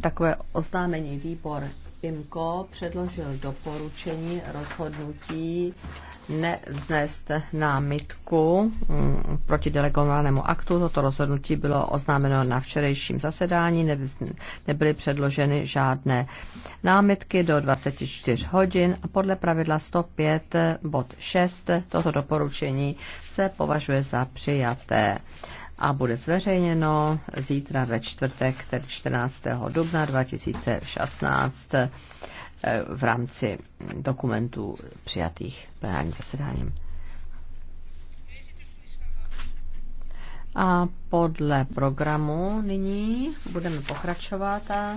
takové oznámení. Výbor PIMCO předložil doporučení rozhodnutí nevznést námitku mm, proti delegovanému aktu. Toto rozhodnutí bylo oznámeno na včerejším zasedání, nebyly předloženy žádné námitky do 24 hodin a podle pravidla 105 bod 6 toto doporučení se považuje za přijaté a bude zveřejněno zítra ve čtvrtek, tedy 14. dubna 2016 eh, v rámci dokumentů přijatých plenárním zasedáním. A podle programu nyní budeme pokračovat a